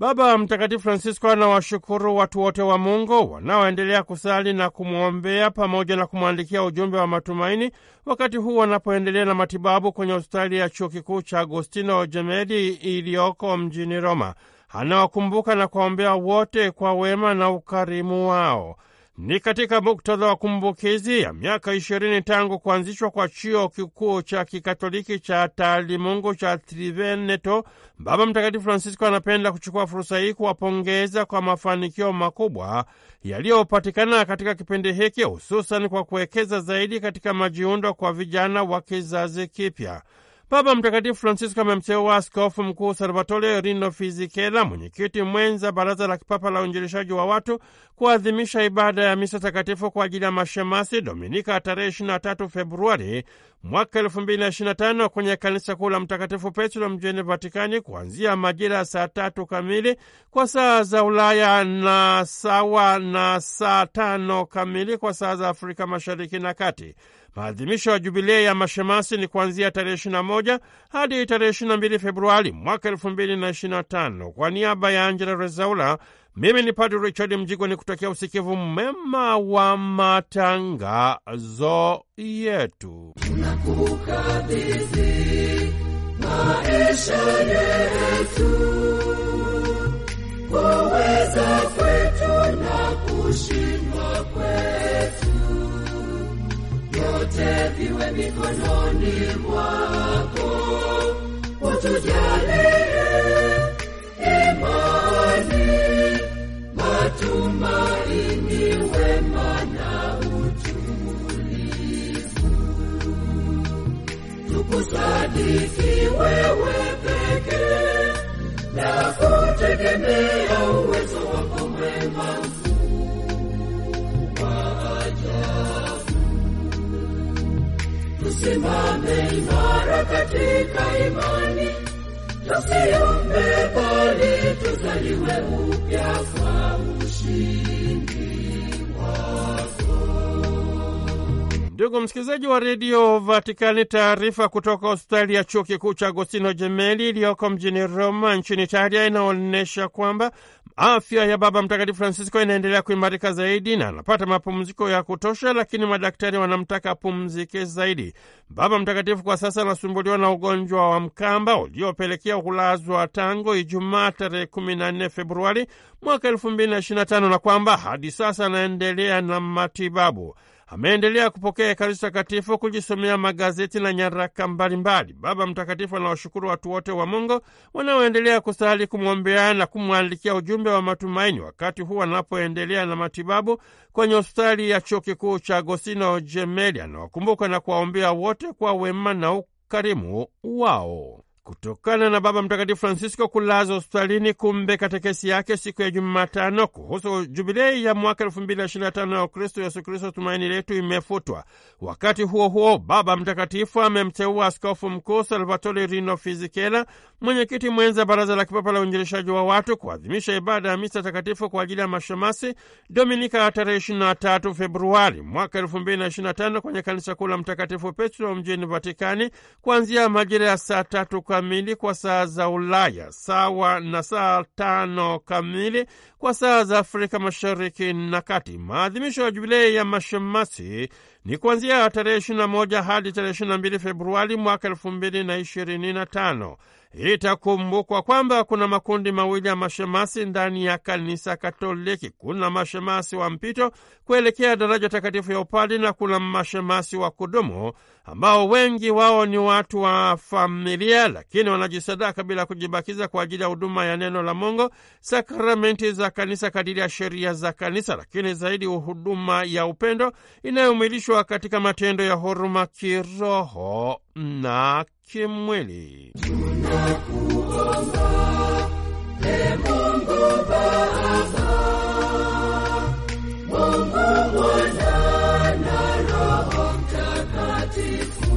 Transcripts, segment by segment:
Baba Mtakatifu Francisco anawashukuru watu wote wa Mungu wanaoendelea kusali na kumwombea pamoja na kumwandikia ujumbe wa matumaini wakati huu wanapoendelea na matibabu kwenye hospitali ya chuo kikuu cha Agostino jemedi iliyoko mjini Roma. Anawakumbuka na kuwaombea wote kwa wema na ukarimu wao. Ni katika muktadha wa kumbukizi ya miaka ishirini tangu kuanzishwa kwa chuo kikuu cha kikatoliki cha Taalimungu cha Triveneto, Baba Mtakatifu Francisco anapenda kuchukua fursa hii kuwapongeza kwa mafanikio makubwa yaliyopatikana katika kipindi hiki, hususan kwa kuwekeza zaidi katika majiundo kwa vijana wa kizazi kipya. Baba Mtakatifu Francisco amemteua askofu mkuu Salvatore Rino Fizikela, mwenyekiti mwenza Baraza la Kipapa la Uinjilishaji wa Watu, kuadhimisha ibada ya misa takatifu kwa ajili ya mashemasi Dominika tarehe 23 Februari mwaka 2025 kwenye kanisa kuu la Mtakatifu Petro mjini Vatikani, kuanzia majira ya saa tatu kamili kwa saa za Ulaya na sawa na saa tano kamili kwa saa za Afrika Mashariki na Kati. Maadhimisho ya jubilei ya mashemasi ni kuanzia tarehe 21 hadi tarehe mbili Februari mwaka tano. Kwa niaba ya Angela Rezaula, mimi ni Padre Richard Mjigwa ni kutokea usikivu mema wa matangazo yetu. yetu, kuweza kwetu na kushindwa kwetu vyote viwe mikononi mwako, utujalie imani, matumaini, wema na utulivu, tukusadiki wewe pekee na kutegemea uwezo wako mwema. Tusimame imara katika imani, tusiombe bali tuzaliwe upya kwa ushindi Ndugu msikilizaji wa redio Vatikani, taarifa kutoka hospitali ya chuo kikuu cha Agostino Jemeli iliyoko mjini Roma nchini Italia inaonyesha kwamba Afya ya Baba Mtakatifu Francisco inaendelea kuimarika zaidi na anapata mapumziko ya kutosha, lakini madaktari wanamtaka apumzike zaidi. Baba Mtakatifu kwa sasa anasumbuliwa na ugonjwa wa mkamba uliopelekea kulazwa tangu Ijumaa tarehe 14 Februari mwaka 2025 na kwamba hadi sasa anaendelea na matibabu ameendelea kupokea Ekaristi Takatifu, kujisomea magazeti na nyaraka mbalimbali. Baba Mtakatifu anawashukuru watu wote wa Mungu wanaoendelea kusali, kumwombea na kumwandikia ujumbe wa matumaini wakati huu anapoendelea na matibabu kwenye hospitali ya chuo kikuu cha Agostino jemeli Anawakumbuka na kuwaombea wote kwa wema na ukarimu wao kutokana na Baba Mtakatifu Francisco kulazwa hospitalini. Kumbe katekesi yake siku ya Jumatano kuhusu jubilei ya mwaka elfu mbili ishirini na tano ya Ukristo Yesu Kristo tumaini letu imefutwa. Wakati huo huo, Baba Mtakatifu amemteua askofu mkuu Salvatore Rino Fizikela, mwenyekiti mwenza Baraza la Kipapa la Uinjilishaji wa Watu, kuadhimisha ibada ya misa takatifu kwa ajili ya mashemasi Dominika ya tarehe 23 Februari mwaka elfu mbili na na tano kwenye kanisa kuu la Mtakatifu Petro mjini Vatikani, kuanzia majira ya saa tatu kwa kamili kwa saa za Ulaya, sawa na saa tano kamili kwa saa za Afrika Mashariki na Kati. Maadhimisho ya Jubilei ya Mashemasi ni kuanzia tarehe 21 hadi tarehe 22 Februari mwaka tano Itakumbukwa kwamba kuna makundi mawili ya mashemasi ndani ya kanisa Katoliki. Kuna mashemasi wa mpito kuelekea daraja takatifu ya upadi na kuna mashemasi wa kudumu ambao wengi wao ni watu wa familia, lakini wanajisadaka bila kujibakiza kwa ajili ya huduma ya neno la Mungu, sakramenti za kanisa kadiri ya sheria za kanisa, lakini zaidi huduma ya upendo inayomwilishwa katika matendo ya huruma kiroho na Chemweli. Tunakuomba e Mungu Baba, Mungu Mwana na Roho Mtakatifu,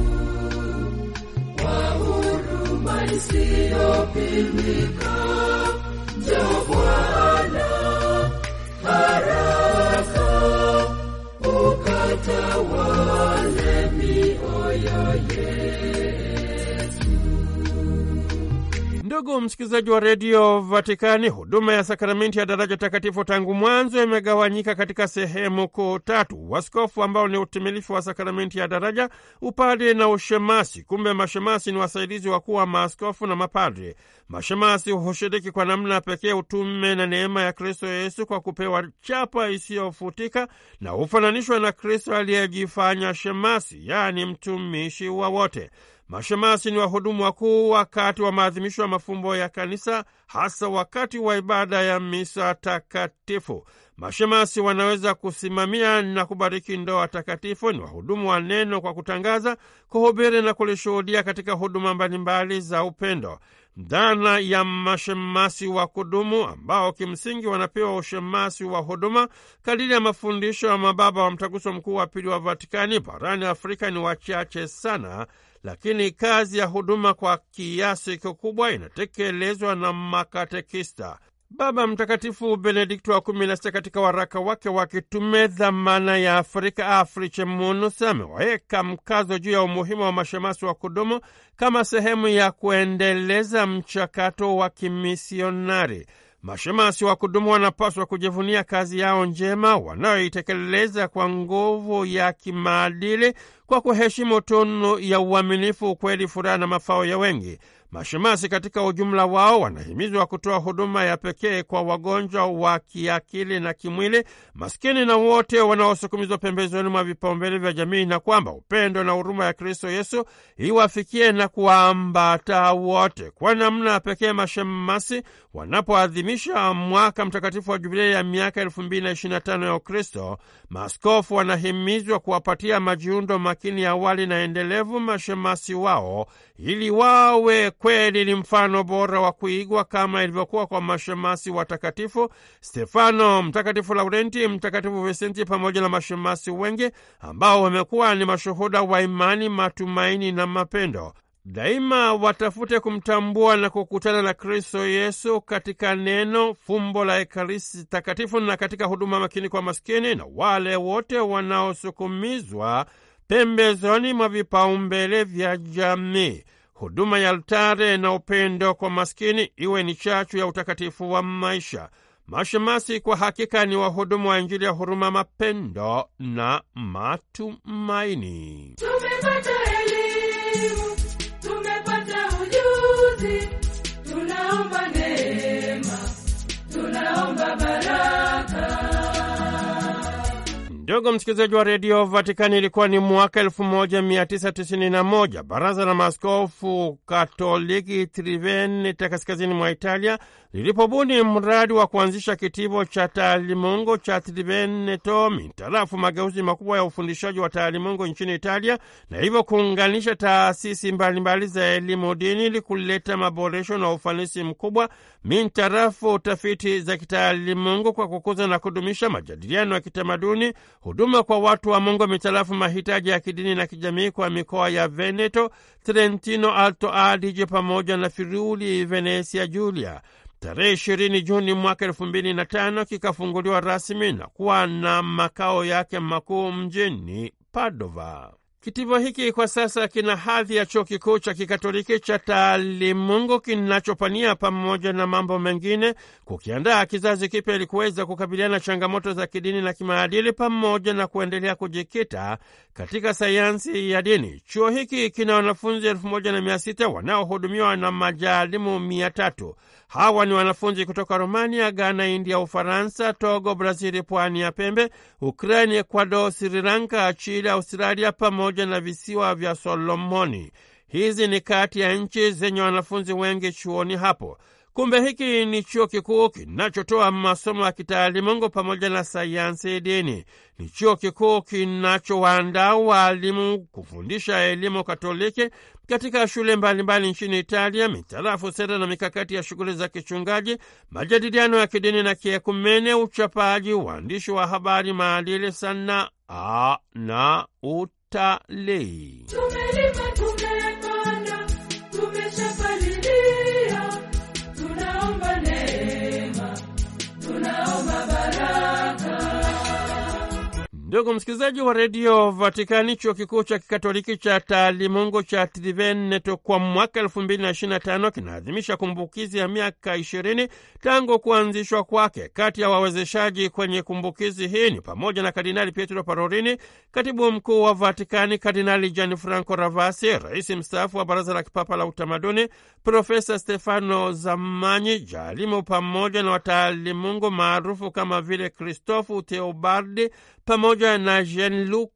Ndugu msikilizaji wa redio Vatikani, huduma ya sakramenti ya daraja takatifu tangu mwanzo imegawanyika katika sehemu kuu tatu: waskofu ambao ni utimilifu wa sakramenti ya daraja, upadre na ushemasi. Kumbe mashemasi ni wasaidizi wakuu wa maaskofu na mapadre. Mashemasi hushiriki kwa namna pekee utume na neema ya Kristo Yesu kwa kupewa chapa isiyofutika na hufananishwa na Kristo aliyejifanya shemasi, yaani mtumishi wa wote. Mashemasi ni wahudumu wakuu wakati wa maadhimisho ya mafumbo ya Kanisa, hasa wakati wa ibada ya misa takatifu. Mashemasi wanaweza kusimamia na kubariki ndoa takatifu. Ni wahudumu wa neno kwa kutangaza, kuhubiri na kulishuhudia katika huduma mbalimbali za upendo. Dhana ya mashemasi wa kudumu ambao kimsingi wanapewa ushemasi wa huduma kadiri ya mafundisho ya mababa wa mtaguso mkuu wa pili wa Vatikani barani Afrika ni wachache sana lakini kazi ya huduma kwa kiasi kikubwa inatekelezwa na makatekista. Baba Mtakatifu Benedikto wa kumi na sita katika waraka wake wa kitume dhamana ya Afrika Afriche Munus ameweka mkazo juu ya umuhimu wa mashemasi wa kudumu kama sehemu ya kuendeleza mchakato wa kimisionari. Mashemasi wa kudumu wanapaswa kujivunia kazi yao njema wanayoitekeleza kwa nguvu ya kimaadili, kwa kuheshimu tunu ya uaminifu, ukweli, furaha na mafao ya wengi. Mashemasi katika ujumla wao wanahimizwa kutoa huduma ya pekee kwa wagonjwa wa kiakili na kimwili, maskini na wote wanaosukumizwa pembezoni mwa vipaumbele vya jamii, na kwamba upendo na huruma ya Kristo Yesu iwafikie na kuwaambata wote. Kwa namna pekee, mashemasi wanapoadhimisha mwaka mtakatifu wa Jubilei ya miaka elfu mbili na na tano ya Ukristo, maaskofu wanahimizwa kuwapatia majiundo makini ya awali na endelevu mashemasi wao ili wawe kweli ni mfano bora wa kuigwa kama ilivyokuwa kwa mashemasi watakatifu Stefano, Mtakatifu Laurenti, Mtakatifu Visenti pamoja na mashemasi wengi ambao wamekuwa ni mashuhuda wa imani, matumaini na mapendo. Daima watafute kumtambua na kukutana na Kristo Yesu katika neno, fumbo la Ekaristi Takatifu na katika huduma makini kwa maskini na wale wote wanaosukumizwa pembezoni mwa vipaumbele vya jamii huduma ya altare na upendo kwa maskini iwe ni chachu ya utakatifu wa maisha. Mashemasi kwa hakika ni wahudumu wa Injili ya huruma, mapendo na matumaini. Tumepata Ndugu msikilizaji wa redio Vatikani, ilikuwa ni mwaka 1991 baraza la maaskofu Katoliki Triveneta kaskazini mwa Italia lilipobuni mradi wa kuanzisha kitivo cha taalimungu cha Triveneto mintarafu mageuzi makubwa ya ufundishaji wa taalimungu nchini Italia, na hivyo kuunganisha taasisi mbalimbali za elimu dini ili kuleta maboresho na ufanisi mkubwa mintarafu tafiti za kitaalimungu kwa kukuza na kudumisha majadiliano ya kitamaduni, huduma kwa watu wa Mungu mitarafu mahitaji ya kidini na kijamii kwa mikoa ya Veneto, Trentino Alto Adige pamoja na Friuli, Venesia Julia. Tarehe ishirini Juni mwaka elfu mbili na tano kikafunguliwa rasmi na kuwa na makao yake makuu mjini Padova. Kitivo hiki kwa sasa kina hadhi ya chuo kikuu cha kikatoliki cha Taalimungu kinachopania pamoja na mambo mengine kukiandaa kizazi kipya ili kuweza kukabiliana changamoto za kidini na kimaadili pamoja na kuendelea kujikita katika sayansi ya dini. Chuo hiki kina wanafunzi elfu moja na mia sita wanaohudumiwa na majaalimu mia tatu. Hawa ni wanafunzi kutoka Romania, Ghana, India, Ufaransa, Togo, Brazili, pwani ya pembe, Ukraini, Ekuado, Sri Lanka, Chile, Australia pamoja na visiwa vya Solomoni. Hizi ni kati ya nchi zenye wanafunzi wengi chuoni hapo. Kumbe hiki ni chuo kikuu kinachotoa masomo ya kitaalimungu pamoja na sayansi dini. Ni chuo kikuu kinachowaandaa waalimu kufundisha elimu Katoliki katika shule mbalimbali nchini Italia, mitarafu sera na mikakati ya shughuli za kichungaji, majadiliano ya kidini na kiekumene, uchapaji, uandishi wa habari, maadili, sanaa na utalii. Ndugu msikilizaji wa redio Vatikani, chuo kikuu cha kikatoliki cha Taalimungu cha Triveneto kwa mwaka elfu mbili na ishirini na tano kinaadhimisha kumbukizi ya miaka ishirini tangu kuanzishwa kwake. Kati ya wawezeshaji kwenye kumbukizi hii ni pamoja na Kardinali Pietro Parolini, katibu mkuu wa Vatikani, Kardinali Gianfranco Ravasi, rais mstaafu wa Baraza la Kipapa la Utamaduni, Profesa Stefano Zamanyi Jalimu, pamoja na wataalimungu maarufu kama vile Kristofu Teobardi pamoja pamoja na Jean-Luc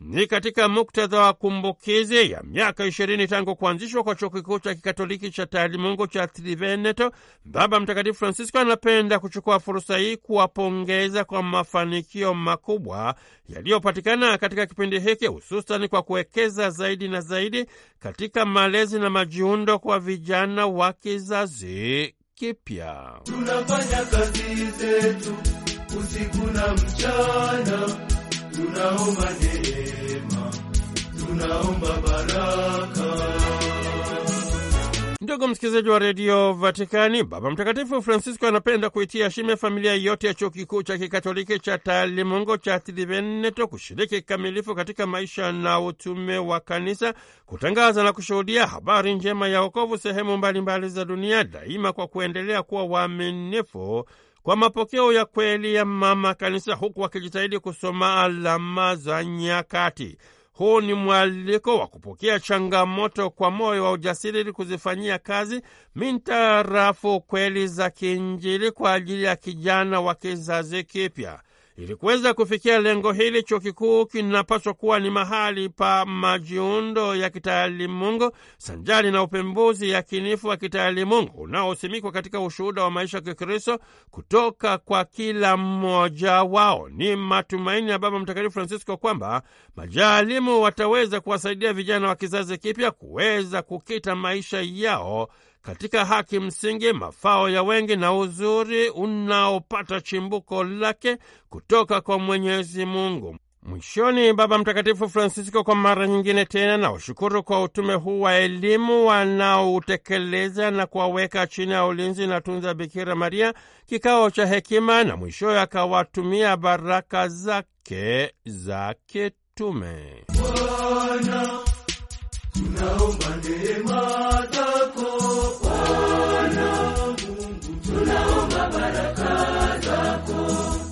Ni katika muktadha wa kumbukizi ya miaka ishirini tangu kuanzishwa kwa chuo kikuu cha kikatoliki cha Taalimungu cha Triveneto, Baba Mtakatifu Francisco anapenda kuchukua fursa hii kuwapongeza kwa mafanikio makubwa yaliyopatikana katika kipindi hiki, hususani kwa kuwekeza zaidi na zaidi katika malezi na majiundo kwa vijana wa kizazi kipya. Tunafanya kazi zetu usiku na mchana, tunaomba neema, tunaomba baraka. Ndugu msikilizaji wa redio Vatikani, Baba Mtakatifu Francisco anapenda kuitia shime familia yote ya chuo kikuu cha kikatoliki cha Talimungo cha Triveneto kushiriki kikamilifu katika maisha na utume wa Kanisa, kutangaza na kushuhudia habari njema ya wokovu sehemu mbalimbali mbali za dunia, daima kwa kuendelea kuwa waaminifu kwa mapokeo ya kweli ya mama kanisa, huku wakijitahidi kusoma alama za nyakati. Huu ni mwaliko wa kupokea changamoto kwa moyo wa ujasiri ili kuzifanyia kazi mintarafu kweli za kiinjili kwa ajili ya kijana wa kizazi kipya. Ili kuweza kufikia lengo hili, chuo kikuu kinapaswa kuwa ni mahali pa majiundo ya kitaalimungu sanjari na upembuzi yakinifu wa kitaalimungu unaosimikwa katika ushuhuda wa maisha ya Kikristo kutoka kwa kila mmoja wao. Ni matumaini ya Baba Mtakatifu Francisco kwamba majaalimu wataweza kuwasaidia vijana wa kizazi kipya kuweza kukita maisha yao katika haki msingi, mafao ya wengi na uzuri unaopata chimbuko lake kutoka kwa Mwenyezi Mungu. Mwishoni, Baba Mtakatifu Francisco kwa mara nyingine tena na ushukuru kwa utume huu wa elimu wanaoutekeleza na kuwaweka chini ya ulinzi na tunza Bikira Maria kikao cha hekima, na mwishowe akawatumia baraka zake za kitume. Bwana, tunaomba neema zako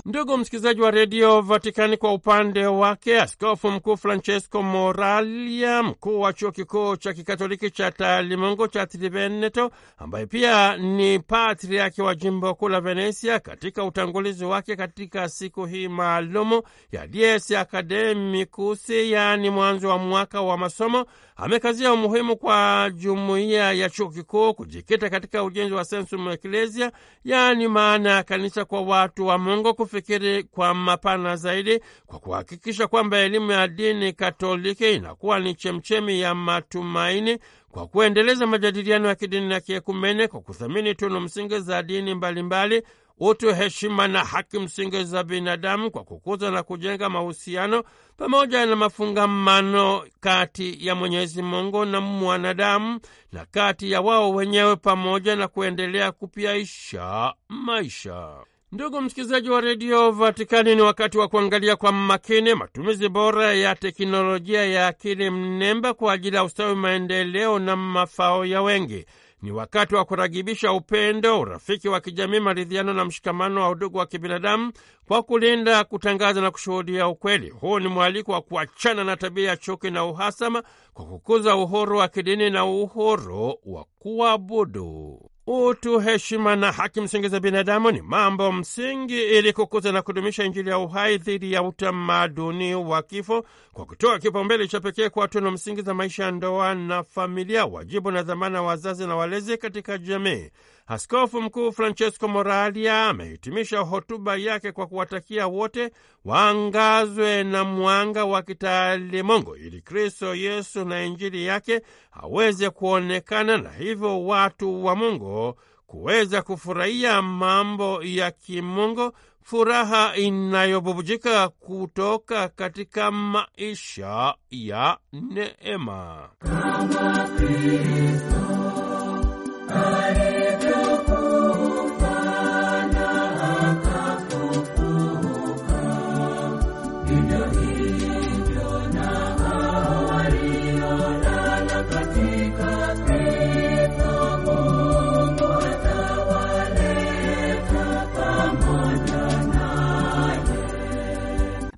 Ndugu msikilizaji wa redio Vatikani, kwa upande wake askofu mkuu Francesco Moralia, mkuu wa chuo kikuu cha kikatoliki cha Talimongo cha Triveneto, ambaye pia ni patriaki wa jimbo kuu la Venesia, katika utangulizi wake katika siku hii maalumu ya Dies Academicus, yaani mwanzo wa mwaka wa masomo Amekazia umuhimu kwa jumuiya ya chuo kikuu kujikita katika ujenzi wa sensum eklesia, yaani maana ya kanisa kwa watu wa Mungu, kufikiri kwa mapana zaidi kwa kuhakikisha kwamba elimu ya dini Katoliki inakuwa ni chemchemi ya matumaini kwa kuendeleza majadiliano ya kidini na kiekumene kwa kuthamini tunu msingi za dini mbalimbali mbali, utu, heshima na haki msingi za binadamu kwa kukuza na kujenga mahusiano pamoja na mafungamano kati ya Mwenyezi Mungu na mwanadamu na kati ya wao wenyewe pamoja na kuendelea kupiaisha maisha. Ndugu msikilizaji wa redio Vatikani, ni wakati wa kuangalia kwa makini matumizi bora ya teknolojia ya akili mnemba kwa ajili ya ustawi, maendeleo na mafao ya wengi. Ni wakati wa kuragibisha upendo, urafiki wa kijamii, maridhiano na mshikamano wa udugu wa kibinadamu kwa kulinda, kutangaza na kushuhudia ukweli. Huu ni mwaliko wa kuachana na tabia ya chuki na uhasama kwa kukuza uhuru wa kidini na uhuru wa kuabudu utu, heshima na haki msingi za binadamu ni mambo msingi ili kukuza na kudumisha Injili ya uhai dhidi ya utamaduni wa kifo, kwa kutoa kipaumbele cha pekee kwa tunu msingi za maisha ya ndoa na familia, wajibu na dhamana wazazi na walezi katika jamii. Askofu Mkuu Francesco Moralia amehitimisha hotuba yake kwa kuwatakia wote waangazwe na mwanga wa kitaalimongo ili Kristo Yesu na Injili yake aweze kuonekana na hivyo watu wa Mungu kuweza kufurahia mambo ya kimungu, furaha inayobubujika kutoka katika maisha ya neema Kama Kristo.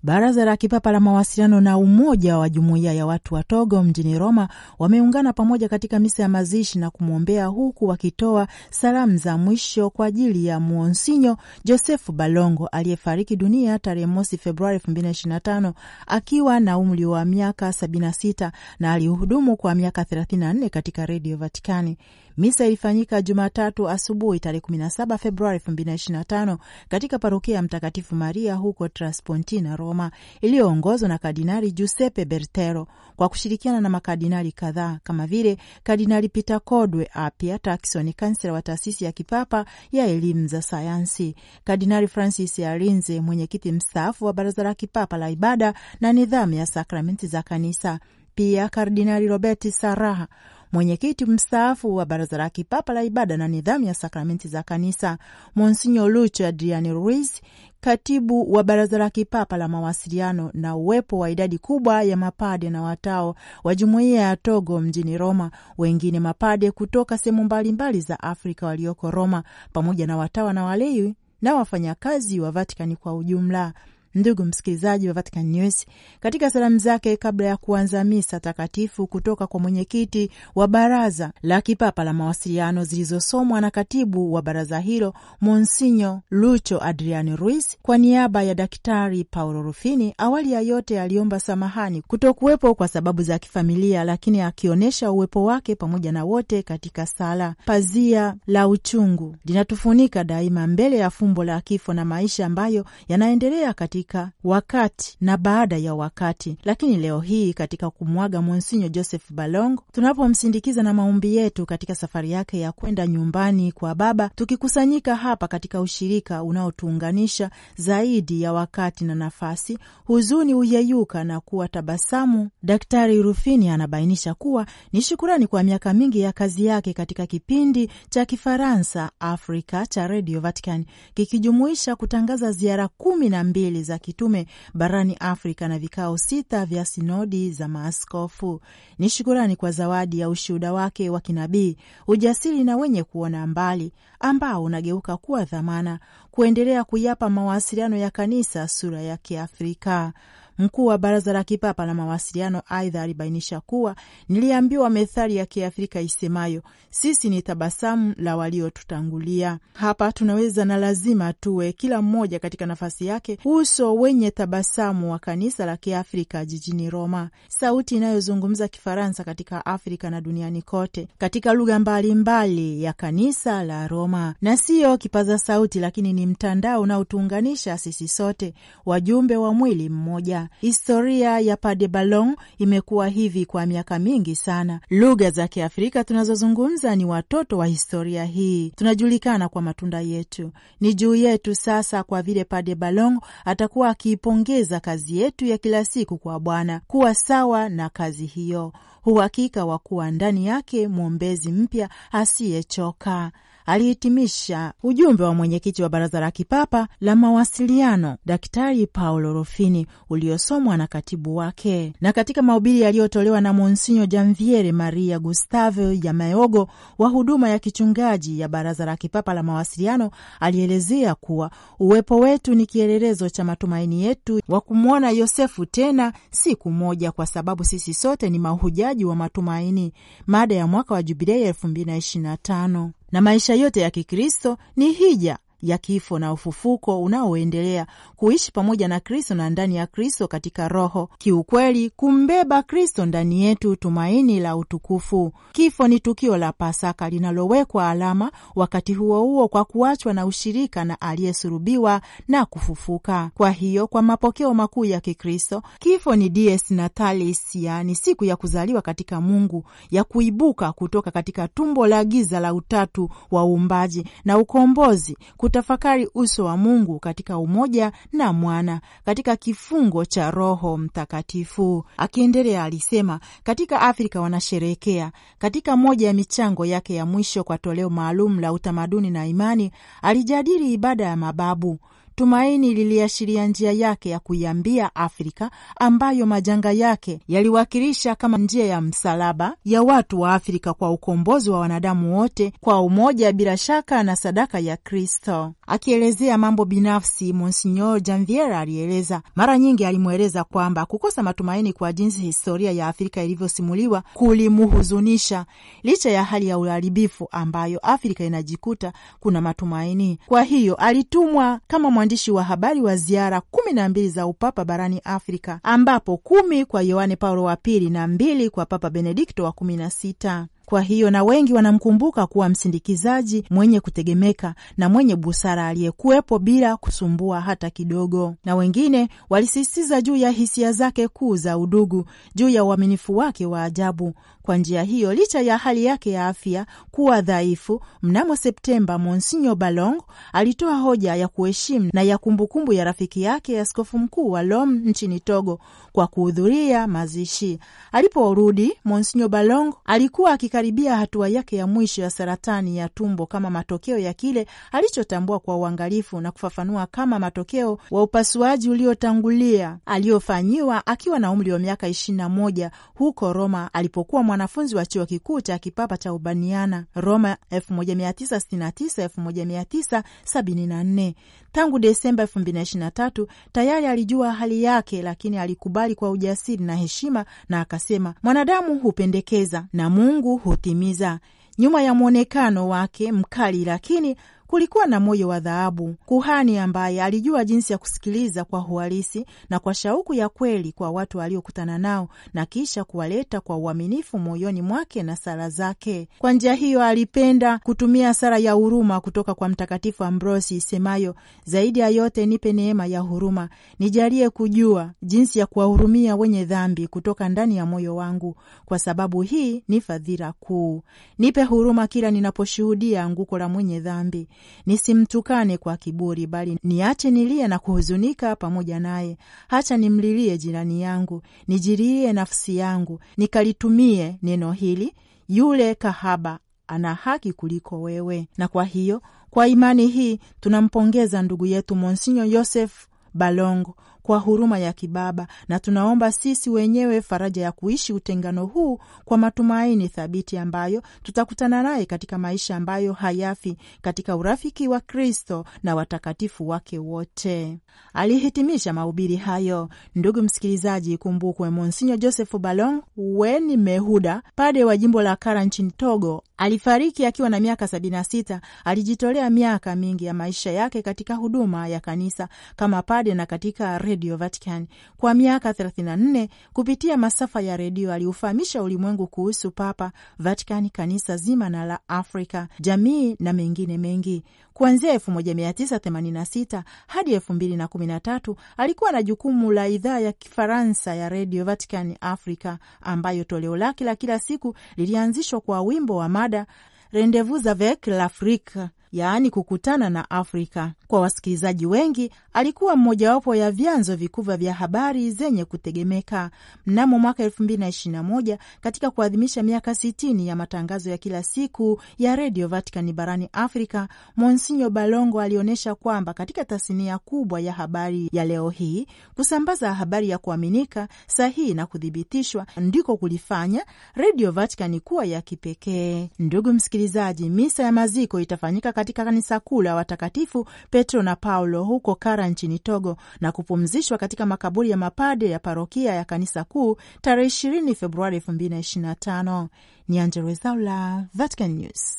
Baraza la Kipapa la Mawasiliano na Umoja wa Jumuiya ya Watu wa Togo mjini Roma wameungana pamoja katika misa ya mazishi na kumwombea huku wakitoa salamu za mwisho kwa ajili ya Monsinyo Josefu Balongo aliyefariki dunia tarehe mosi Februari 2025 akiwa na umri wa miaka 76 na alihudumu kwa miaka 34 katika Redio vaticani Misa ilifanyika Jumatatu asubuhi tarehe 17 Februari 2025 katika parokia ya Mtakatifu Maria huko Traspontina, Roma, iliyoongozwa na Kardinali Giuseppe Bertero kwa kushirikiana na makardinali kadhaa kama vile Kardinali Peter Kodwe Apia Turkson, kansela wa taasisi ya kipapa ya elimu za sayansi, Kardinali Francis Arinze, mwenyekiti mstaafu wa baraza la kipapa la ibada na nidhamu ya sakramenti za kanisa, pia Kardinali Robert Saraha mwenyekiti mstaafu wa Baraza la Kipapa la Ibada na Nidhamu ya Sakramenti za Kanisa, Monsinyo Lucha Adrian Ruiz, katibu wa Baraza la Kipapa la Mawasiliano, na uwepo wa idadi kubwa ya mapade na watao wa jumuiya ya Togo mjini Roma, wengine mapade kutoka sehemu mbalimbali za Afrika walioko Roma, pamoja na watawa na walei na wafanyakazi wa Vatikani kwa ujumla. Ndugu msikilizaji wa Vatican News, katika salamu zake kabla ya kuanza misa takatifu kutoka kwa mwenyekiti wa baraza la kipapa la mawasiliano zilizosomwa na katibu wa baraza hilo Monsinyo Lucho Adriani Ruiz kwa niaba ya Daktari Paulo Rufini, awali ya yote aliomba samahani kutokuwepo kwa sababu za kifamilia, lakini akionyesha uwepo wake pamoja na wote katika sala. Pazia la uchungu linatufunika daima mbele ya fumbo la kifo na maisha ambayo yanaendelea katika katika wakati na baada ya wakati. Lakini leo hii katika kumwaga Monsinyo Joseph Balongo, tunapomsindikiza na maombi yetu katika safari yake ya kwenda nyumbani kwa Baba, tukikusanyika hapa katika ushirika unaotuunganisha zaidi ya wakati na nafasi, huzuni huyeyuka na kuwa tabasamu. Daktari Rufini anabainisha kuwa ni shukurani kwa miaka mingi ya kazi yake katika kipindi cha Kifaransa Afrika cha Radio Vatican kikijumuisha kutangaza ziara kumi na mbili za za kitume barani Afrika na vikao sita vya sinodi za maaskofu. Ni shukurani kwa zawadi ya ushuhuda wake wa kinabii, ujasiri na wenye kuona mbali, ambao unageuka kuwa dhamana kuendelea kuyapa mawasiliano ya kanisa sura ya Kiafrika. Mkuu wa Baraza la Kipapa la Mawasiliano aidha alibainisha kuwa niliambiwa methali ya Kiafrika isemayo sisi ni tabasamu la waliotutangulia. Hapa tunaweza na lazima tuwe kila mmoja katika nafasi yake uso wenye tabasamu wa kanisa la Kiafrika jijini Roma, sauti inayozungumza Kifaransa katika Afrika na duniani kote katika lugha mbalimbali ya kanisa la Roma, na siyo kipaza sauti, lakini ni mtandao unaotuunganisha sisi sote, wajumbe wa mwili mmoja. Historia ya pade balong imekuwa hivi kwa miaka mingi sana. Lugha za Kiafrika tunazozungumza ni watoto wa historia hii, tunajulikana kwa matunda yetu, ni juu yetu sasa, kwa vile pade balong atakuwa akiipongeza kazi yetu ya kila siku kwa Bwana kuwa sawa na kazi hiyo, uhakika wa kuwa ndani yake mwombezi mpya asiyechoka alihitimisha ujumbe wa mwenyekiti wa Baraza la Kipapa la Mawasiliano, Daktari Paolo Rofini, uliosomwa na katibu wake. Na katika mahubiri yaliyotolewa na Monsinyo Janviere Maria Gustavo Yamaogo wa huduma ya kichungaji ya Baraza la Kipapa la Mawasiliano, alielezea kuwa uwepo wetu ni kielelezo cha matumaini yetu wa kumwona Yosefu tena siku moja, kwa sababu sisi sote ni mahujaji wa matumaini. Mada ya mwaka wa Jubilei 2025 na maisha yote ya Kikristo ni hija ya kifo na ufufuko unaoendelea, kuishi pamoja na Kristo na ndani ya Kristo katika Roho, kiukweli kumbeba Kristo ndani yetu, tumaini la utukufu. Kifo ni tukio la Pasaka linalowekwa alama wakati huo huo kwa kuachwa na ushirika na aliyesulubiwa na kufufuka. Kwa hiyo, kwa mapokeo makuu ya Kikristo, kifo ni dies natalis, yaani siku ya kuzaliwa katika Mungu, ya kuibuka kutoka katika tumbo la giza la utatu wa uumbaji na ukombozi kutafakari uso wa Mungu katika umoja na mwana katika kifungo cha Roho Mtakatifu. Akiendelea alisema, katika Afrika wanasherehekea katika moja ya michango yake ya mwisho kwa toleo maalum la utamaduni na imani, alijadili ibada ya mababu Tumaini liliashiria njia yake ya kuiambia Afrika ambayo majanga yake yaliwakilisha kama njia ya msalaba ya watu wa Afrika kwa ukombozi wa wanadamu wote kwa umoja, bila shaka na sadaka ya Kristo. Akielezea mambo binafsi, Monsignor Janviera alieleza mara nyingi, alimweleza kwamba kukosa matumaini kwa jinsi historia ya Afrika ilivyosimuliwa kulimuhuzunisha. Licha ya hali ya uharibifu ambayo Afrika inajikuta, kuna matumaini. Kwa hiyo alitumwa kama waandishi wa habari wa ziara kumi na mbili za upapa barani Afrika, ambapo kumi kwa Yohane Paulo wa pili na mbili kwa Papa Benedikto wa kumi na sita. Kwa hiyo na wengi wanamkumbuka kuwa msindikizaji mwenye kutegemeka na mwenye busara aliyekuwepo bila kusumbua hata kidogo, na wengine walisisitiza juu ya hisia zake kuu za udugu, juu ya uaminifu wake wa ajabu. Kwa njia hiyo, licha ya hali yake ya afya kuwa dhaifu, mnamo Septemba Monsinyo Balong alitoa hoja ya kuheshimu na ya kumbukumbu ya rafiki yake askofu skofu mkuu wa Lom nchini Togo kwa kuhudhuria mazishi. Aliporudi, Monsinyo Balong alikuwa akika akikaribia hatua yake ya mwisho ya saratani ya tumbo kama matokeo ya kile alichotambua kwa uangalifu na kufafanua kama matokeo wa upasuaji uliotangulia aliyofanyiwa akiwa na umri wa miaka ishirini na moja huko Roma alipokuwa mwanafunzi wa chuo kikuu cha kipapa cha Ubaniana Roma 1969 1974. Tangu Desemba 2023 tayari alijua hali yake, lakini alikubali kwa ujasiri na heshima, na akasema, mwanadamu hupendekeza na Mungu hutimiza nyuma ya mwonekano wake mkali, lakini Kulikuwa na moyo wa dhahabu, kuhani ambaye alijua jinsi ya kusikiliza kwa uhalisi na kwa shauku ya kweli kwa watu aliokutana nao na kisha kuwaleta kwa uaminifu moyoni mwake na sala zake. Kwa njia hiyo, alipenda kutumia sala ya huruma kutoka kwa Mtakatifu Ambrosi isemayo, zaidi ya yote nipe neema ya huruma, nijalie kujua jinsi ya kuwahurumia wenye dhambi kutoka ndani ya moyo wangu, kwa sababu hii ni fadhila kuu. Nipe huruma kila ninaposhuhudia anguko la mwenye dhambi Nisimtukane kwa kiburi, bali niache nilie na kuhuzunika pamoja naye. Hata nimlilie jirani yangu, nijilie nafsi yangu, nikalitumie neno hili, yule kahaba ana haki kuliko wewe. Na kwa hiyo, kwa imani hii tunampongeza ndugu yetu Monsinyo Yosef Balongo kwa huruma ya kibaba, na tunaomba sisi wenyewe faraja ya kuishi utengano huu kwa matumaini thabiti ambayo tutakutana naye katika maisha ambayo hayafi katika urafiki wa Kristo na watakatifu wake wote. Alihitimisha mahubiri hayo. Ndugu msikilizaji, kumbukwe Monsinyo Joseph Balon Weni Mehuda, pade wa jimbo la Kara nchini Togo, alifariki akiwa na miaka 76. Alijitolea miaka mingi ya maisha yake katika huduma ya kanisa kama pade na katika redio Vatican kwa miaka 34 kupitia masafa ya redio aliufahamisha ulimwengu kuhusu Papa, Vatican, kanisa zima na la Afrika, jamii na mengine mengi. Kuanzia 1986 hadi 2013 alikuwa na jukumu la idhaa ya Kifaransa ya redio Vatican Africa, ambayo toleo lake la kila siku lilianzishwa kwa wimbo wa mada rendez avec l'Afrique yaani kukutana na Afrika. Kwa wasikilizaji wengi, alikuwa mmojawapo ya vyanzo vikubwa vya habari zenye kutegemeka. Mnamo mwaka 2021 katika kuadhimisha miaka 60 ya matangazo ya kila siku ya redio Vatikani barani Afrika, Monsinyo Balongo alionyesha kwamba katika tasnia kubwa ya habari ya leo hii, kusambaza habari ya kuaminika, sahihi na kuthibitishwa ndiko kulifanya redio Vatikani kuwa ya kipekee. Ndugu msikilizaji, misa ya maziko itafanyika katika kanisa kuu la watakatifu Petro na Paulo huko Kara nchini Togo na kupumzishwa katika makaburi ya mapade ya parokia ya kanisa kuu tarehe 20 Februari 2025. Ni Angella Rwezaula, Vatican News.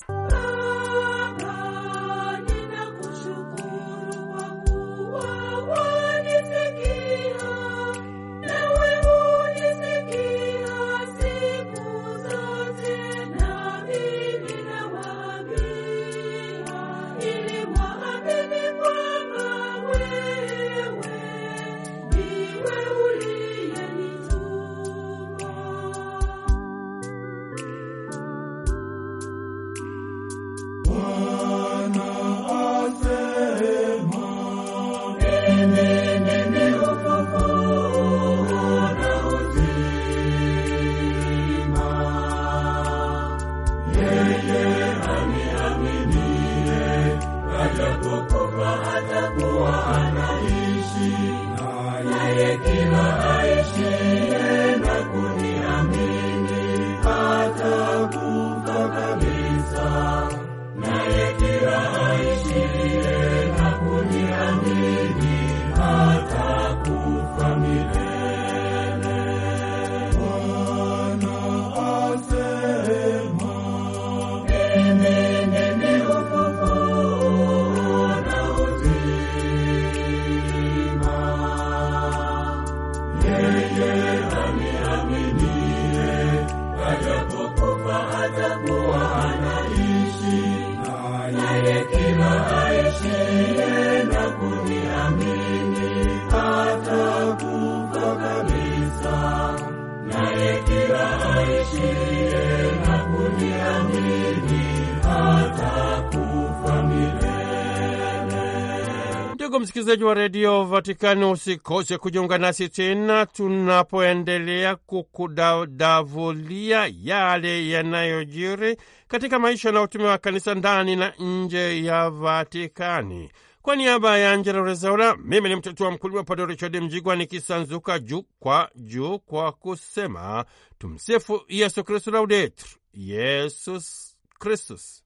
msikilizaji wa redio Vatikani, usikose kujiunga nasi tena tunapoendelea kukudadavulia yale yanayojiri katika maisha na utume wa kanisa ndani na nje ya Vatikani. Kwa niaba ya Angela Rezaula, mimi ni mtoto wa mkulima Padre Richard Mjigwa nikisanzuka juu kwa juu kwa kusema tumsifu Yesu Kristu, laudetur Yesus Kristus.